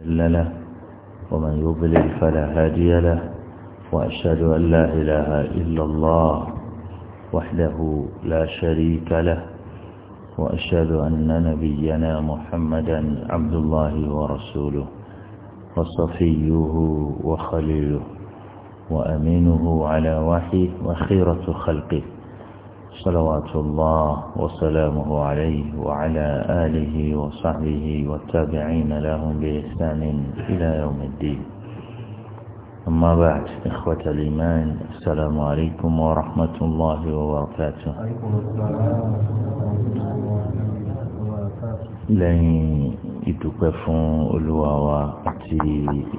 إلا له ومن يضلل فلا هادي له وأشهد أن لا إله إلا الله وحده لا شريك له وأشهد أن نبينا محمدا عبد الله ورسوله وصفيه وخليله وأمينه على وحيه وخيرة خلقه صلوات الله وسلامه عليه وعلى آله وصحبه والتابعين لهم بإحسان إلى يوم الدين أما بعد إخوة الإيمان السلام عليكم ورحمة الله وبركاته لن يتكفون fún olúwa wa àti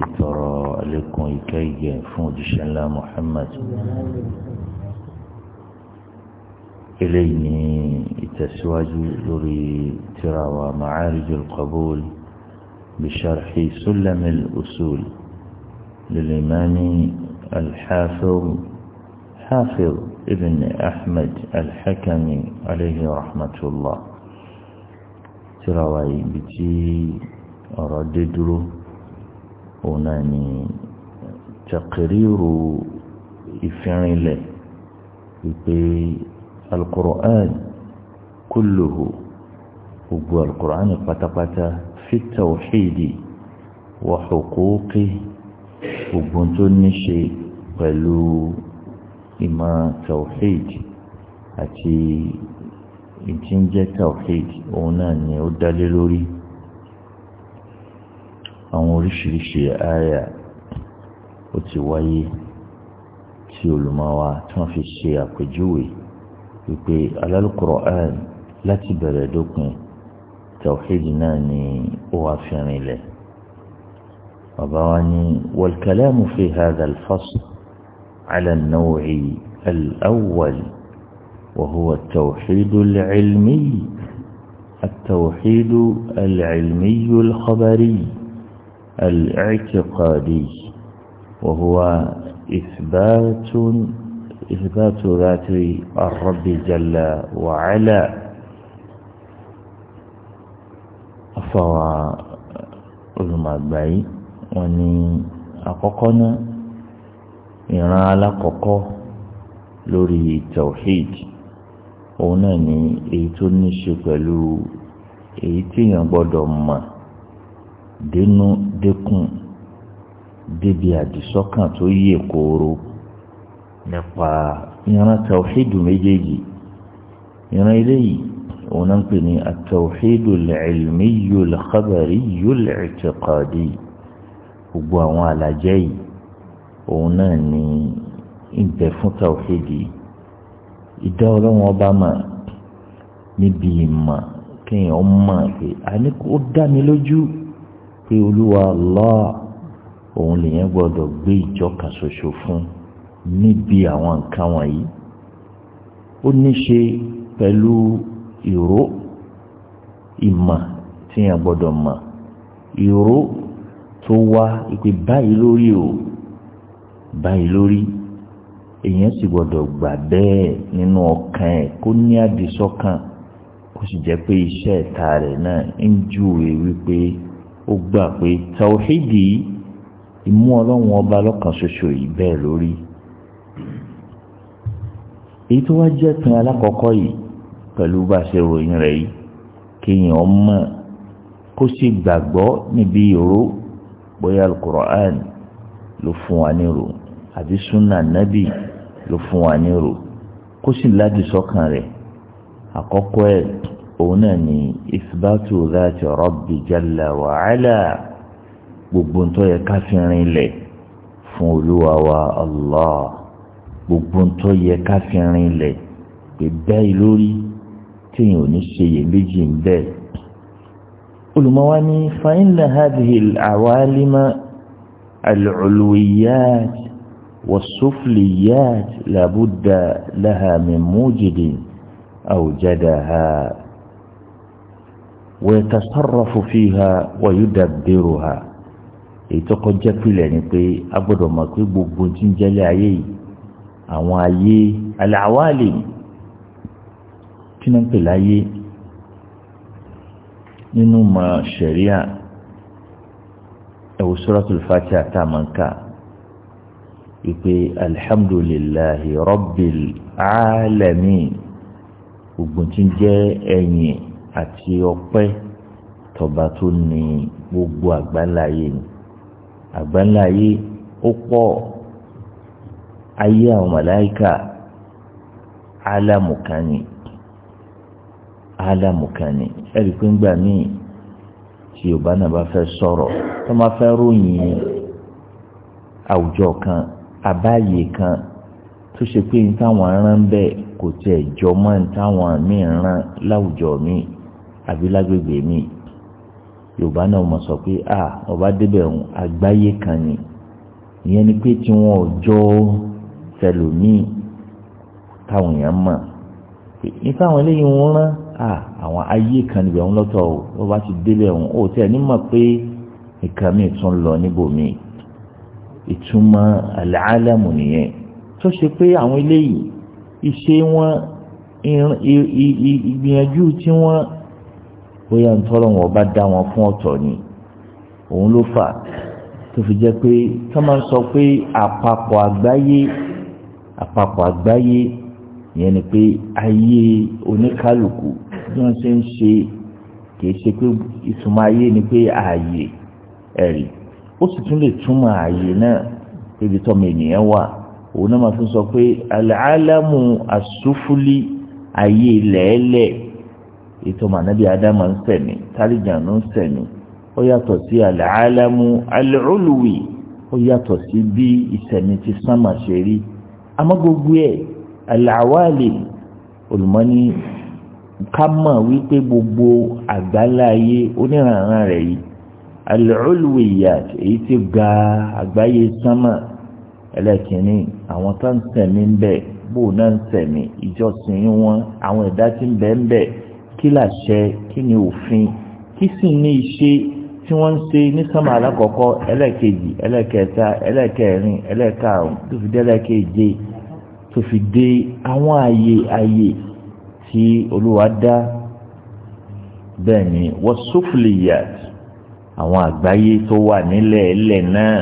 ìtọrọ àlékún ìkẹ́ إليني التسواج لوري تراوى معارج القبول بشرح سلم الأصول للإمام الحافظ حافظ ابن أحمد الحكم عليه رحمة الله تراوى بتي أردد أناني تقرير إفعيله wípé alukur'an kulluhu gbogbo alukur'an pátápátá fi tawhidi wa huquqi gbogbo tó ní ṣe pẹ̀lú ìmọ̀ tawhidi àti ìtí ń jẹ́ tawhid òun náà ni ó dálé lórí àwọn oríṣiríṣi àyà ó ti wáyé tí olùmọ̀wá tí wọ́n fi ṣe àpèjúwe wípé Al-Qur'an láti bẹ̀rẹ̀ dópin tawhid náà ni ó wà fìrìn lẹ̀ bàbá wa ní ni wal mu fi hàdà al-fasl ala an-naw' al-awwal wa huwa at-tawhid al-'ilmi التوحيد العلمي الخبري الاعتقادي وهو إثبات إثبات ذات الرب جل وعلا فهو المبعي وني أقوقنا ìran alákọ̀ọ́kọ́ lórí tawhid òun náà ni èyí tó ní ṣe pẹ̀lú èyí tí èèyàn gbọ́dọ̀ mọ̀ dénú dékun débi àdìsọ́kàn tó yè kooro nípa ìran tawhidu méjèèjì ìran eléyìí òun náà ń pè ní at-tawhidu al-ilmiyyu al-khabariyyu al-i'tiqadi gbogbo àwọn àlàjẹ́ yìí òun náà ní ìbẹ̀ fún tawhidi ìdá ọlọ́run ọba mà níbi ìmọ̀ kéèyàn mọ̀ pé àní ó dá mi lójú pé olúwa Allah òun lèyàn gbọ́dọ̀ gbé ìjọ kan ṣoṣo fún un níbi àwọn nǹkan wọ̀nyí ó ní ṣe pẹ̀lú ìró ìmọ̀ tí yẹn gbọ́dọ̀ mọ̀ ìró tó wá ìpè báyìí lórí o báyìí lórí èèyàn sì gbọ́dọ̀ gbà bẹ́ẹ̀ nínú ọkàn ẹ̀ kó ní àdìsọ́kàn kó sì jẹ́ pé iṣẹ́ ẹ̀ta rẹ̀ náà ń júwe wípé ó gbà pé tàwíìdì ìmú ọlọ́run ọba lọ́kàn ṣoṣo yìí bẹ́ẹ̀ lórí èyí tó wá jẹ́ pin alákọ̀ọ́kọ́ yìí pẹ̀lú bá a ṣe ròyìn rẹ̀ yìí kéèyàn mọ̀ kó sì gbàgbọ́ níbi ìró bóyá alukur'an ló fún wa nírò àbí sunna nabi ló fún wa nírò kó sì ládìí sọ́kàn rẹ̀ àkọ́kọ́ ẹ̀ òun náà ni ìsibátù láti rabbi jalla wa ala gbogbo ntọ́ yẹ ká fi lẹ̀ fún olúwa wa allah gbogbo ń tọ́ yẹ ká fi rin ilẹ̀ pé bẹ́ẹ̀ lórí téèyàn ò ní ṣe iyèméjì ń bẹ́ẹ̀. olùmọ̀wá ní fàyínlẹ̀ hadhihi al-awalima al-ulwiyyat والسفليات لابد لها من موجد أوجدها ويتصرف فيها kọjá pìlẹ̀ ni pé a mọ̀ pé gbogbo tí ayé yìí àwọn ayé aláwálè kí ló ń pè láyé nínú mọ ṣẹ̀ríà ẹ̀wù suratul Fatiha àtàmọ́ǹkà ìpè alhamdulillahi rabbil alamin ogun tí ń jẹ́ ẹ̀yìn àti ọpẹ́ tọba tó ní gbogbo àgbáláyé ni àgbáláyé ó pọ̀ ayé àwọn màláìka alámùkánì alámùkánì ẹ̀rí pé ńgbà míì tí yorùbá náà bá fẹ́ sọ̀rọ̀ tó máa fẹ́ ròyìn àwùjọ kan àbáyé kan tó ṣe pé ní táwọn aràn bẹ́ẹ̀ kò tiẹ̀ jọ mọ́ ní táwọn míì ràn láwùjọ míì àbí lágbègbè míì yorùbá náà mọ̀ sọ pé a ọba débẹ̀ ọ̀hún àgbáyé kan ni ìyẹn ni pé tí wọ́n tẹlòmíì táwọn èèyàn mọ̀ nípa àwọn eléyìí wọn rán àwọn ayé kan níbẹ̀ ń lọ́tọ̀ o wọ́n bá ti délẹ̀ ọ̀hún ó tẹ̀ ní mọ̀ pé nǹkan mi tún lọ níbòmí ìtumọ̀ àlàálẹ̀mù nìyẹn tó ṣe pé àwọn eléyìí iṣẹ́ wọn ìgbìyànjú tí wọ́n bóyá ntọ́lọ́ wọn bá dá wọn fún ọ̀tọ̀ ni òun ló fà tó fi jẹ́ pé tó máa ń sọ pé àpapọ̀ àgbáyé àpapọ̀ àgbáyé yẹn ni pé ayé oníkálukú bí wọ́n ṣe ń ṣe kìí ṣe pé ìtumọ̀ ayé ni pé ààyè ẹ̀rí ó sì tún lè túmọ̀ ààyè náà ibi tọ́mọ ènìyàn wà òun náà máa fi sọ pé aláàlámù àsúfúlì ayé lẹ́ẹ̀lẹ́ ìtọ́mọ̀ ànábì ádámà ń sẹ̀mí tálíjànú ń sẹ̀mí ó yàtọ̀ sí aláàlámù alẹ́ọ̀lùwì ó yàtọ̀ sí bí ìsẹ̀mí ti sánmà ṣe rí ama gbogbo ẹ̀ àlàwálè olùmọ́ni ká mọ̀ wípé gbogbo àgbáláyé oníranran rẹ̀ yìí al-ulwiyyat èyí tí ga àgbáyé sánmà ẹlẹ́kìnní àwọn tó ń sẹ̀mí ń bẹ̀ bó náà ń sẹ̀mí ìjọsìn wọn àwọn ẹ̀dá tí ń bẹ ń bẹ̀ kí làṣẹ kí ni òfin kí sì ní iṣẹ́ tí wọ́n ń ṣe ní sánmà alákọ̀ọ́kọ́ ẹlẹ́ẹ̀kejì ẹlẹ́ẹ̀kẹta ẹlẹ́ẹ̀kẹrin ẹlẹ́ẹ̀karùn tó fi dé ẹlẹ́ẹ̀keje tó fi dé àwọn ààyè ààyè tí olúwa dá bẹ́ẹ̀ ni wọ́n sufliyat àwọn àgbáyé tó wà nílẹ̀ ẹlẹ̀ náà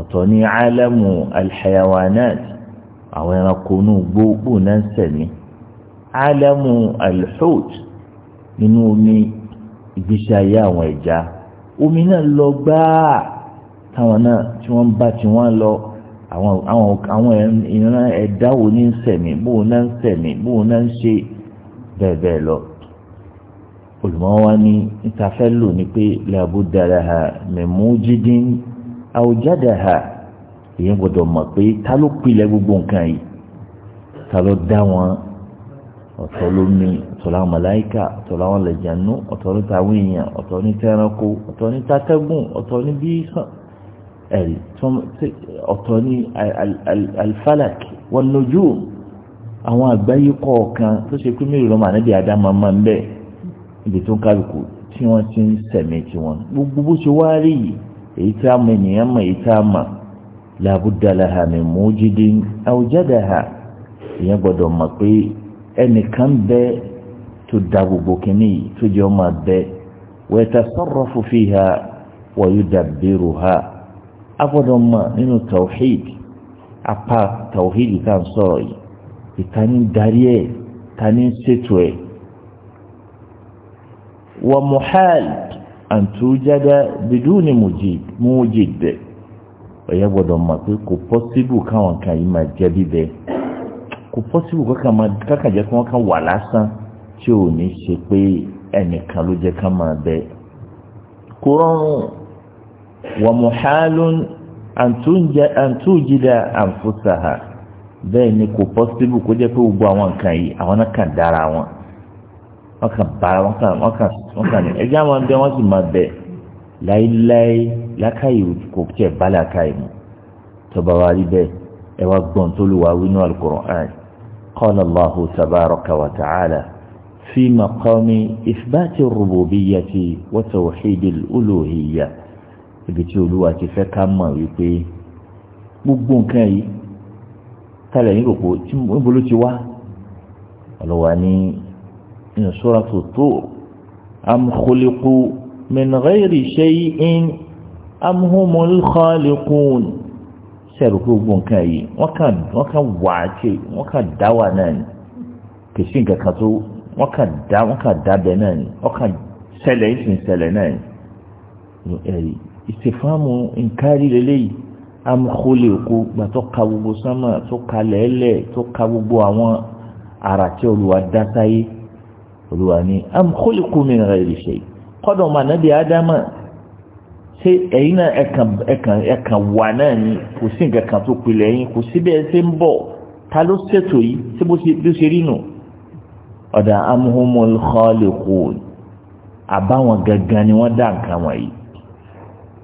ọ̀tọ̀ ní alamu alhayawanat àwọn ẹranko inú gbogbo náà ń sẹ̀mí alamu alhut nínú omi ìgbésí ayé àwọn ẹja omi náà lọ gbáà táwọn náà tí wọ́n bá tí wọ́n lọ àwọn àwọn ìran ẹ̀dá wo ní ń sẹ̀mí bóun náà ń sẹ̀mí bóun náà ń ṣe bẹ́ẹ̀ bẹ́ẹ̀ lọ olùmọ́wá ní ìtafẹ́ lò ní pé làbúdàrà ha mẹ̀mú jídín àwùjáde ha èyàn gbọ́dọ̀ mọ̀ pé ta ló pilẹ̀ gbogbo nǹkan yìí ta ló dá wọn ọ̀tọ̀ lómi ọ̀tọ̀ làwọn màláíkà ọ̀tọ̀ làwọn lẹ̀jànú ọ̀tọ̀ ní tàwọn èèyàn ọ̀tọ̀ ní tẹ́ranko ọ̀tọ̀ ní tatẹ́gùn ọ̀tọ̀ ní bí ẹ̀rí ọ̀tọ̀ ní alfalak wan nujum àwọn àgbáyé kọ̀ọ̀kan tó ṣe pé mélòó lọ́mọ ànábì àdámà máa ń bẹ̀ ibi tó ń kálukú tí wọ́n ti ń sẹ̀mí tiwọn gbogbo bó ṣe wá rí èyí tá a mọ ènìyàn mọ èyí tá a mọ làbúdà mi mú jíde àwùjáde hà èèyàn gbọ́dọ̀ mọ̀ pé ẹnìkan bẹ́ẹ̀ tó da gbogbo kínní yìí tó jẹ́ ọmọ abẹ wa yatasarrafu fiha wa yudabbiruha agbọ́dọ̀ mọ̀ nínú tawhid apá tawhid tá à ń sọ̀rọ̀ yìí ìtaní darí ẹ̀ taní ṣètò ẹ̀ wa muhal an tujada biduni mujid mujid ẹ̀yẹ́ gbọ́dọ̀ mọ̀ pé kò pọ́síbù káwọn kan yìí máa jẹ́ bíbẹ́ kò pọ́síbù kákan jẹ́ kí wọ́n kan wà lásán tí ò ní ṣe pé ẹnìkan ló jẹ́ ká máa bẹ kó rọrùn wa muhalun an tujida anfusaha bẹ́ẹ̀ ni kò pọ́sibú kó jẹ́ pé gbogbo àwọn nǹkan yìí àwọn náà kàn dára wọn wọ́n kàn bá wọ́n kàn wọ́n kàn wọ́n kàn ní ẹjẹ́ àwọn bẹ́ẹ̀ wọ́n sì máa bẹ̀ láéláé lákàyè kò tiẹ̀ bá làkàyè mu tọba wa rí bẹ́ẹ̀ ẹ wá gbọ́n tó lù wá wínú al-Qur'an qala Allahu tabaraka wa ta'ala. في مقام إثبات الربوبية وتوحيد الألوهية ibiti olúwa ti fẹ́ ká mọ̀ wípé gbogbo nǹkan yìí tálẹ̀ yín kò tí níbo ló ti wá ọlọ́wà ní inú suratu Tur am khuliqu min ghairi shay'in am humul khaliqun sẹ́rù pé gbogbo nǹkan yìí wọ́n kàn wà á ti wọ́n kàn dá wà náà kìí sí nǹkan kan tó wọ́n kà dá wọ́n kà dábẹ́ náà ni wọ́n kà ṣẹlẹ̀ ìsìn ṣẹlẹ̀ náà ni ẹ̀rí ìsìfàmù nkárí lélẹ́yìí amukole oko gba tó ka gbogbo sánmà tó ka lẹ́lẹ̀ tó ka gbogbo àwọn ara tí olùwà dáta yé olùwà ni amukole kó mi nà rẹ̀ ṣe kọ́dọ̀ mà nàbí ádámà ṣé ẹ̀yin náà ẹ̀kan ẹ̀kan ẹ̀kan wà náà ni kò sí nǹkan kan tó pilẹ̀ ẹ̀yin kò síbẹ̀ ẹ̀ ṣe ń bọ̀ ta ló ṣètò yìí ṣé bó ṣe rí nù ọ̀dà amhumul khaliqun àbáwọn gangan ni wọ́n dá nǹkan wọ̀nyí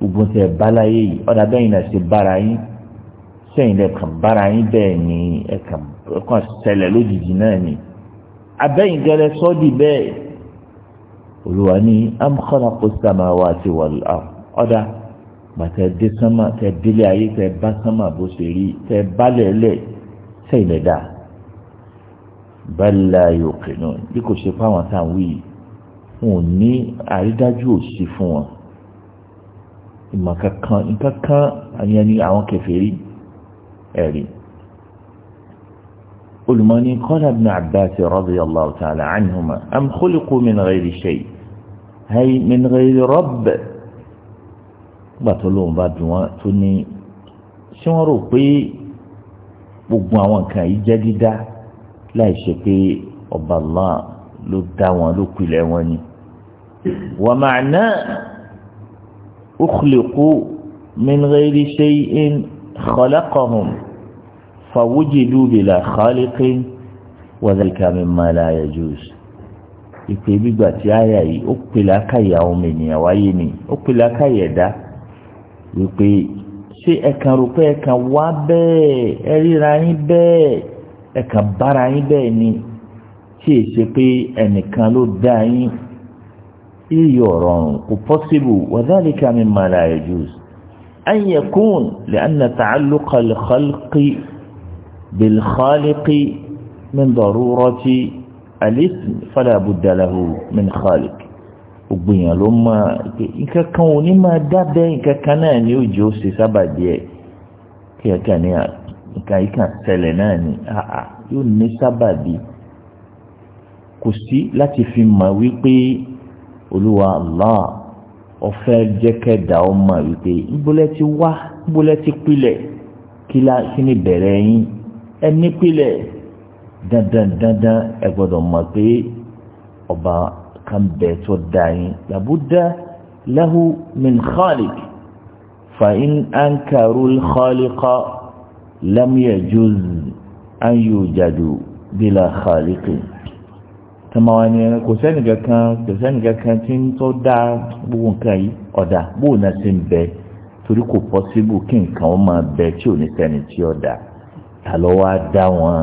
ogun tẹ balaye yìí ọ̀dà bẹ́yìn náà ṣe bára yín sẹ́yìn lẹ kàn bára yín bẹ́ẹ̀ ni ẹ kàn ṣẹlẹ̀ lójijì náà ni abẹ́yìn gẹ́lẹ́ sọ́ọ́dì bẹ́ẹ̀ olùwà ní am khalaqus samawati wal ard ọ̀dà bàtẹ dé sánmà tẹ délé ayé tẹ bá sánmà bó ṣe rí tẹ bálẹ̀ lẹ̀ sẹ́yìn lẹ dáa bala yòókè náà bí kò ṣe fáwọn tá à ń wí yìí wọn ò ní àrídájú òsì fún wọn ìmọ̀ kankan nǹkan kan àyẹn ni àwọn kèfèrí ẹ̀rí olùmọ̀ni qala ibn Abbas radiyallahu ta'ala anhuma am khuliqu min ghayri shay hay min ghayri rabb gbàtọ́ lóun bá dùn wọn tó ní ṣé wọ́n rò pé gbogbo àwọn nǹkan yìí jẹ́ dídá láì ṣe pé ọba Allah ló dá wọn ló pilẹ̀ wọn ni. wa ma'na ukhliqu min ghairi shay'in khalaqahum fawujidu bila khaliqin wa dhalika mimma la yajuz ìpè gbígbà tí àyà yìí ó pèlè akáyà ọmọ ènìyàn wáyé ni ó pèlè akáyà ẹ̀dá wípé ṣé ẹ̀kan rò pé ẹ̀kan wá bẹ́ẹ̀ ẹ yín bẹ́ẹ̀ ẹ̀kàn bára yín bẹ́ẹ̀ ni tí è ṣe pé ẹnìkan ló dá yín iyì ọ̀rọ̀ ọ̀run kò pọ́sibù wadhalika mimma la yajuz an yakun li'anna ta'alluqa al-khalqi bil-khaliqi min darurati al-ism fala budda lahu min khaliq gbogbo ló máa nǹkan kan ò ní máa dábẹ́ nǹkan kan náà ni ó jẹ́ ṣe sábàdí ẹ̀ kí ẹ̀ka ní àná ìka yìí kàn ṣẹlẹ̀ náà ni àà yóò ní sábàbí kò sí láti fi mọ̀ wípé olúwa allah ọ̀fẹ́ jẹ́kẹ̀dá ọmọ wípé ìbólẹ́ ti wá ìbólẹ́ ti pilẹ̀ kí ni bẹ̀rẹ̀ yín ẹni pilẹ̀ dandan dandan ẹ gbọ́dọ̀ mọ̀ pé ọba kan bẹ̀ tó dá yín làbúdá lahu min khaliq fa in ankaru al khaliqa lam yajuz an yujadu bila khaliqi tọmọwani kò sẹ́ni kankan kò sẹ́ni kankan tí ń tọ́ da gbogbo nǹkan yìí ọ̀dà bóun náà ti ń bẹ torí kò pọ́síbù kí nǹkan ó máa bẹ tí ò ní sẹ́ni tí ọ̀dà ta ló wá dá wọn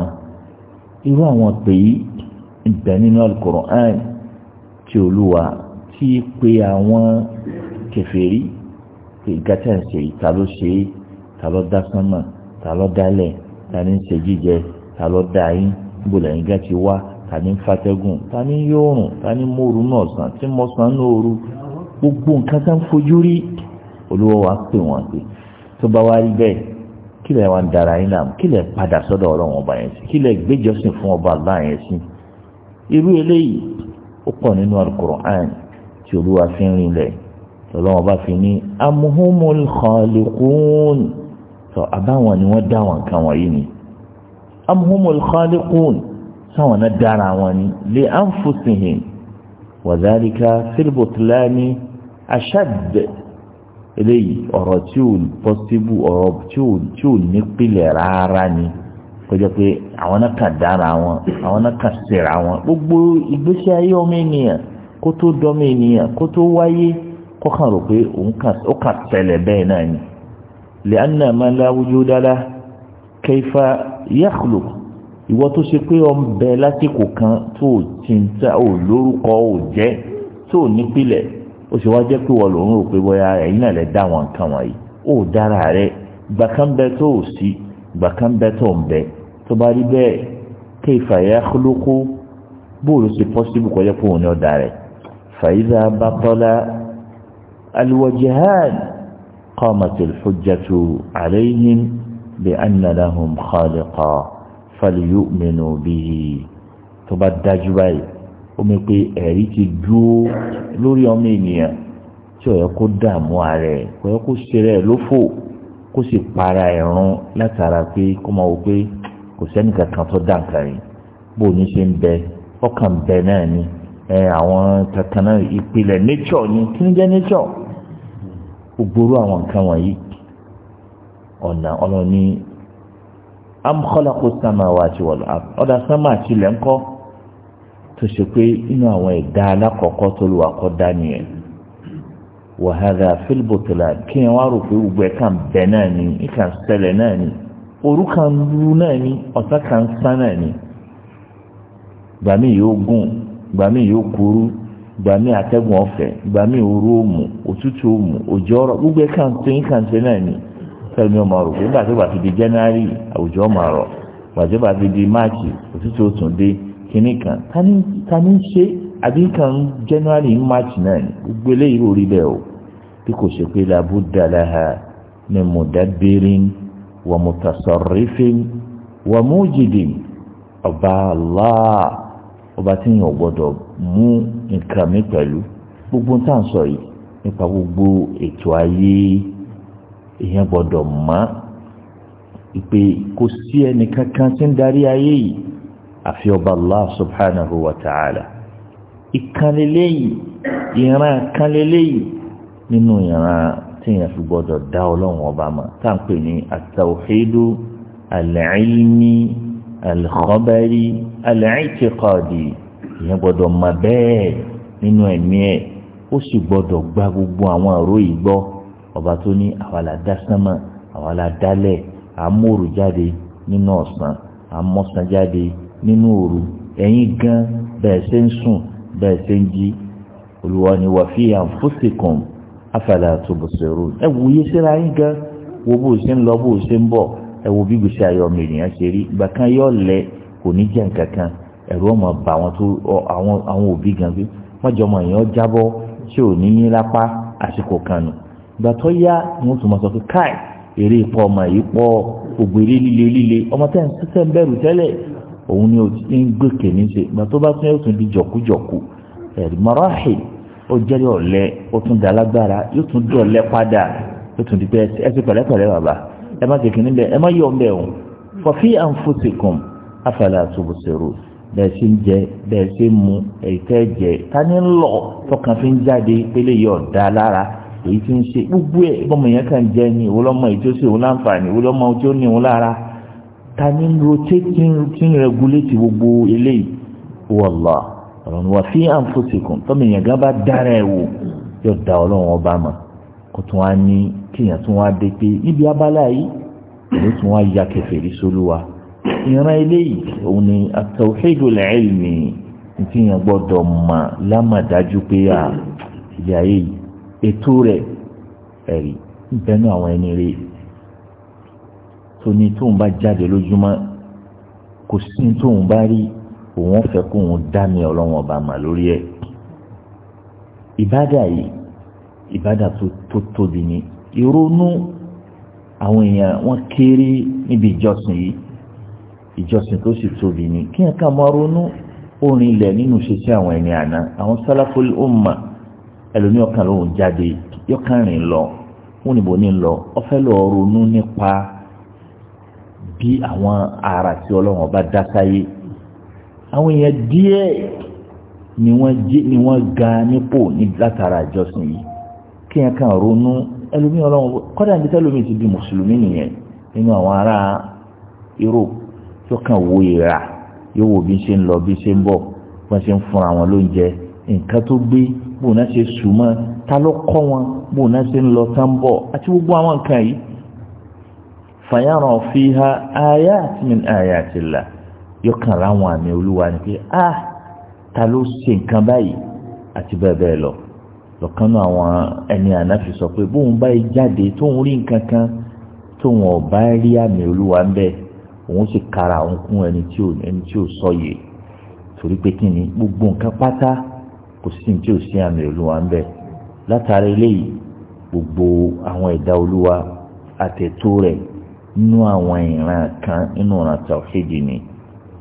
irú àwọn pè yí ìgbà nínú alukur'an tí olúwa tí pé àwọn kèfèrí ìgbà ń ṣe ìta ló ṣe é ta ló dá sánmà ta ló dálẹ̀ ta ní ń ṣe jíjẹ ta ló dá yín gbọ́dọ̀ yín gá ti wá ta ní ń fatẹ́gùn ta ní yóòrùn ta ní mòrú náà sàn tí mo sàn ní òru gbogbo nǹkan tá ń fojú rí olówó wa pè wọ́n pé tó bá wá rí bẹ́ẹ̀ kí lè wá dara yín náà kí lè padà sọ́dọ̀ ọlọ́run ọba yẹn sí kí lè gbéjọsìn fún ọba àgbà yẹn sí irú eléyìí ó pọ̀ nínú alukur'an tí olúwa fi ń rinlẹ̀ ọlọ́run ọba fi ní amuhumul khaliqun sọ àbáwọn ni wọ́n dá wọn kan wọ̀nyí ni amhumul khaliqun sáwọn náà dára wọn ni li anfusihim wa dhalika fil butlani ashad eléyìí ọ̀rọ̀ tí ò pọ́sibú ọ̀rọ̀ tí ò tí ò ní pilẹ̀ rárá ni kọjá pé àwọn náà kà dára wọn àwọn náà kà sẹ̀ra wọn gbogbo ìgbésí ayé ọmọ ènìyàn kó tó ènìyàn kó wáyé kọ́kàn pé òun kà ó kà náà ni lẹ́nà máa láwùjọ dára kẹfà yàkùlù ìwọ tó ṣe pé ọ ń bẹ lásìkò kan tó ti ń ta ò lórúkọ ò jẹ́ tó nípìlẹ̀ ó ṣe wá jẹ́ pé wọ́n lòún rò pé bóyá ẹ̀yin náà lẹ dá àwọn nǹkan wọ̀nyí ó dára rẹ gbàkánbẹ tó ò sí gbàkánbẹ tó ń bẹ tó bá rí bẹ́ẹ̀ kẹfà yàkùlùkù bóòlù ṣe pọ́sibú kọjá pé òun ni ọ̀dà rẹ̀ fàyíṣà bàtọ́lá alùwọ̀jẹ̀ قامت الحجة عليهم بأن لهم خالقا فليؤمنوا به تبدج باي omi pé ẹ̀rí ti dúró lórí ọmọ ènìyàn tí ó yẹ kó dààmú ara ẹ̀ kò yẹ kó ṣeré ẹ̀ lófò kó sì para ẹ̀ run látara pé kó máa wò pé kò sẹ́ni kankan tó dàǹkà yìí bó ní ṣe ń bẹ ọkàn bẹ náà ni àwọn kankan náà ìpìlẹ̀ nature ni kí ni jẹ́ nature. ugboro àwọn nǹkan wọ̀nyí ọ̀nà ọlọ́ni am khalaqu samawati wal ard ọ̀dà sánmà àti ilẹ̀ ńkọ́ tó ṣe pé inú àwọn ẹ̀dá alákọ̀ọ́kọ́ tó lù wákọ́ dánìyẹn wa hadha fil butlan kí rò pé gbogbo ẹ̀ kàn bẹ̀ náà ni ìkàn ṣẹlẹ̀ náà ni òru kan lu náà ni ọ̀sán kan sán náà ni gbàmí ìgbà míì atẹ́gùn ọ̀fẹ́ ìgbà míì ooru òmù òtútù òmù òjò ọ̀rọ̀ gbogbo ẹ̀ kàn tó yín kàn tó náà ni fẹ́mi ọmọ rò nígbà tó bá fi di January àwùjọ ọmọ rọ gbàjọ́ bá fi di March òtútù òtún dé kínní kan ta ni ń ṣe àbí kan January March náà ni gbogbo eléyìí ò rí bẹ́ẹ̀ o bí kò ṣe pé labudda laha min mudabbirin wa mutasarrifin wa mujidin ọba Allah. ọba tí yẹn ò gbọ́dọ̀ mú nǹkan mi pẹ̀lú gbogbo tá à ń sọ yìí nípa gbogbo ètò ayé gbọ́dọ̀ kò sí ẹnì kankan tí ń darí ayé yìí àfi ọba allah subhanahu wa ta'ala ìran nínú ìran tí alikọbẹri alaẹtikọdi ìyẹn gbọ́dọ̀ mọ̀ bẹ́ẹ̀ nínú ẹ̀mí ẹ ó sì gbọ́dọ̀ gba gbogbo àwọn ọ̀rọ̀ yìí gbọ́ ọba tó ní àwa la dá sánmà àwa la dálẹ̀ àmóòrù jáde nínú ọ̀sán àmọ́sán jáde nínú òru ẹ̀yin gan bẹ́ẹ̀ ṣe ń sùn bẹ́ẹ̀ ṣe ń jí olùwà ni wà fi anfusikum afala tubsirun ẹ wòye síra yín gan wo bó ṣe ń lọ bó ṣe ń bọ̀ ẹ wo bí gbèsè ayé ọmọ ènìyàn ṣe rí ìgbà kan yóò lẹ kò ní jẹ nǹkan kan ẹ̀rù ọmọ bá àwọn tó àwọn àwọn òbí gan bí wọ́n jọ ọmọ èèyàn jábọ́ tí ò ní yín lápá àsìkò kan nù ìgbà tó yá wọ́n tún mọ̀ sọ pé káì eré ipò ọmọ yìí pọ̀ ògbè líle líle ọmọ tẹ́ ń sísẹ́ ń bẹ̀rù tẹ́lẹ̀ òun ni ó ti ń gbèkè ní ṣe ìgbà tó bá tún yóò tún di jọ̀kújọ̀kú ẹ̀rì mọ́ráhì ó jẹ́rìí ọ̀lẹ ó tún dalágbára yóò tún dọ̀lẹ́ padà yóò tún di pé ẹ ẹ má ṣe kìíní bẹ́ẹ̀ ẹ má yọ̀ bẹ́ẹ̀ o fọ̀fí àǹfọ̀sẹ̀kùn afẹ́lẹ́ àtúbọ̀sẹ̀rò bẹ́ẹ̀ ṣe ń jẹ bẹ́ẹ̀ ṣe ń mu ẹ̀yìnkẹ́ jẹ ta ni ń lọ tọkàn fi ń jáde pélé yọ̀ dá lára èyí tí ń ṣe gbogbo ẹ̀ bọ́mọ yẹn kàn jẹ ni ìwọ lọ́mọ èyí tó ṣe òun láǹfààní ìwọ lọ́mọ tó ní òun lára ta ń rotate ti ń regulate gbogbo eléyìí wọ́lá ọ̀rọ̀ kó tún wá ní kéèyàn tún wá dé pé ibi abala yìí ló tún wá ya kèfèrí sólúwa ìran eléyìí òun ni at-tawhidul ilmi tí yẹn gbọ́dọ̀ mọ̀ lámàdájú pé à ìyá yìí ètò rẹ̀ ẹ̀rí bẹ́nu àwọn ẹni rẹ̀ tóní tóun bá jáde lójúmọ́ kò sí tóun bá rí òun fẹ́ kóun dá mi ọlọ́wọ́n ọba mà lórí ẹ̀ ìbádà yìí ìbádà tó tóbi ni ìrònú àwọn èèyàn wọn kéré níbi ìjọsìn yìí ìjọsìn tó sì tóbi ni kí n ká máa ronú orin ilẹ̀ nínú ṣiṣẹ́ àwọn ẹni àná àwọn sálàfóòlù ọmọ ẹlòmíì ọkàn lòun jáde yọkànrin lọ wọn níbo ní lọ ọfẹ lọ ronú nípa bí àwọn ara tí ọlọ́run ọba dá àwọn èèyàn díẹ̀ ni wọ́n ga nípò látara ìjọsìn yìí kí yẹn kàn ronú ẹlòmíì ọlọ́run kọ́dà níbi tẹ́lómi ti di mùsùlùmí nìyẹn nínú àwọn ará Europe tó kàn wo ìrà yóò wo bí ṣe ń lọ bí ṣe ń bọ̀ wọ́n ṣe ń fúnra wọn lóúnjẹ nǹkan tó gbé bó náà ṣe sùnmọ́ ta ló kọ́ wọn bó náà ṣe ń lọ tán bọ̀ àti gbogbo àwọn nǹkan yìí fàyàrán fi ha ayé àti mi ayé àti là yóò kàn ra àmì olúwa ni pé ah ta ló ṣe nǹkan báyìí àti bẹ́ẹ̀ bẹ́ẹ̀ lọ lọ́kàn náà àwọn ẹni ànáfi sọ pé bóun báyìí jáde tóun rí nǹkan kan tóun ọ̀bá rí àmì olúwa ń bẹ òun sì kara òun kún ẹni tí ò ẹni tí ò sọyè torí pé kí ni gbogbo nǹkan pátá kò sí ní tí ò sí àmì olúwa ń bẹ látara eléyìí gbogbo àwọn ẹ̀dá olúwa àtẹ̀tó rẹ̀ nínú àwọn ìran kan nínú ọ̀ràn tàwọ́fẹ́jì ni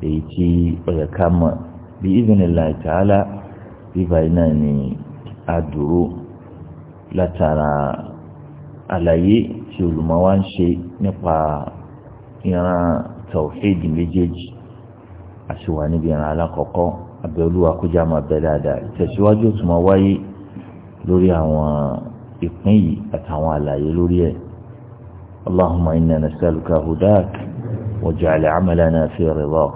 èyí tí ó yẹ ká mọ̀ bí ìdùnnú ìlànà ìtàhálà bíbá iná ni adúró látara àlàyé tí olùmọ̀ wa ń ṣe nípa ìran tawhid méjèèjì àṣìwà níbi ìran alákọ̀ọ́kọ́ abẹ́olúwa kójá máa bẹ dáadáa ìtẹ̀síwájú tó máa wáyé lórí àwọn ìpín yìí àtàwọn àlàyé lórí ẹ̀ اللهم إنا نسألك هداك واجعل عملنا في رضاك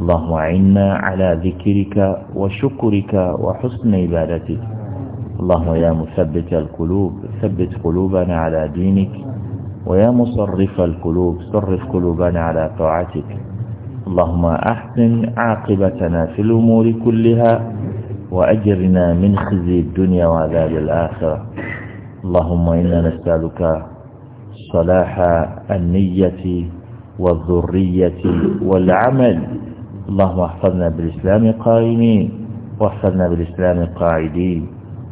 اللهم عنا على ذكرك وشكرك وحسن عبادتك اللهم يا مثبت القلوب ثبت قلوبنا على دينك ويا مصرف القلوب صرف قلوبنا على طاعتك اللهم أحسن عاقبتنا في الأمور كلها وأجرنا من خزي الدنيا وعذاب الآخرة اللهم إنا نسألك صلاح النية والذرية والعمل اللهم احفظنا بالإسلام قائمين واحفظنا بالإسلام قاعدين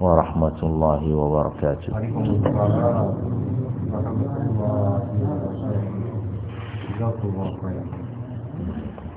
ورحمة الله وبركاته الله